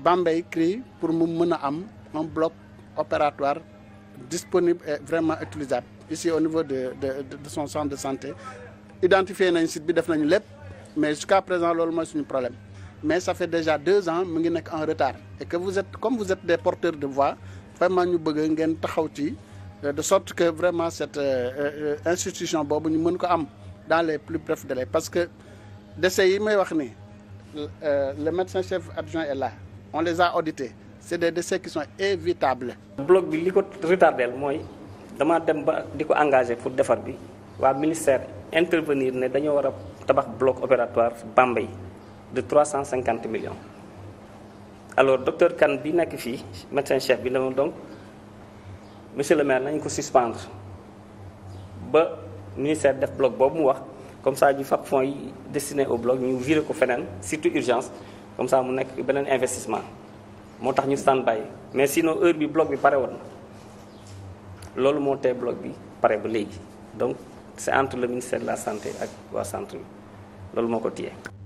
Bambey CREI pour mu mën a am un bloc opératoire disponible et vraiment utilisable ici au niveau de de de son centre de santé identifié nañ site bi def nañu lépp mais jusqu'à présent loolu mooy suñu problème mais ça fait déjà deux ans mu ngi nekk en retard et que vous êtes comme vous êtes des porteurs de voix vraiment ñu bëgg ngeen taxaw ci euh, de sorte que vraiment cette euh, euh, institution boobu ñu mën ko am dans les plus brefs délais parce que décès yi may wax ni le médecin chef adjoint est là on les a audités c'est des décès qui sont évitables. bloc bi li ko retardel mooy dama dem ba di ko engagé pour defar bi waa ministère intervenir ne dañoo war a tabax bloc opératoire Bambey de trois cent 350 million alors docteur Kane bi nekk fii médecin chef bi ne donc monsieur le maire nañ ko suspendre ba ministère def bloc boobu mu wax comme ça ñu fab fonds yi destiné au bloc ñu viré ko feneen surtout urgence. comme ça mu nekk beneen investissement moo tax ñu stand mais sinon heure bi bloc bi pare woon na loolu moo tee bloc bi pare ba léegi donc c'est entre le ministère de la santé ak waa centre bi loolu moo ko téye.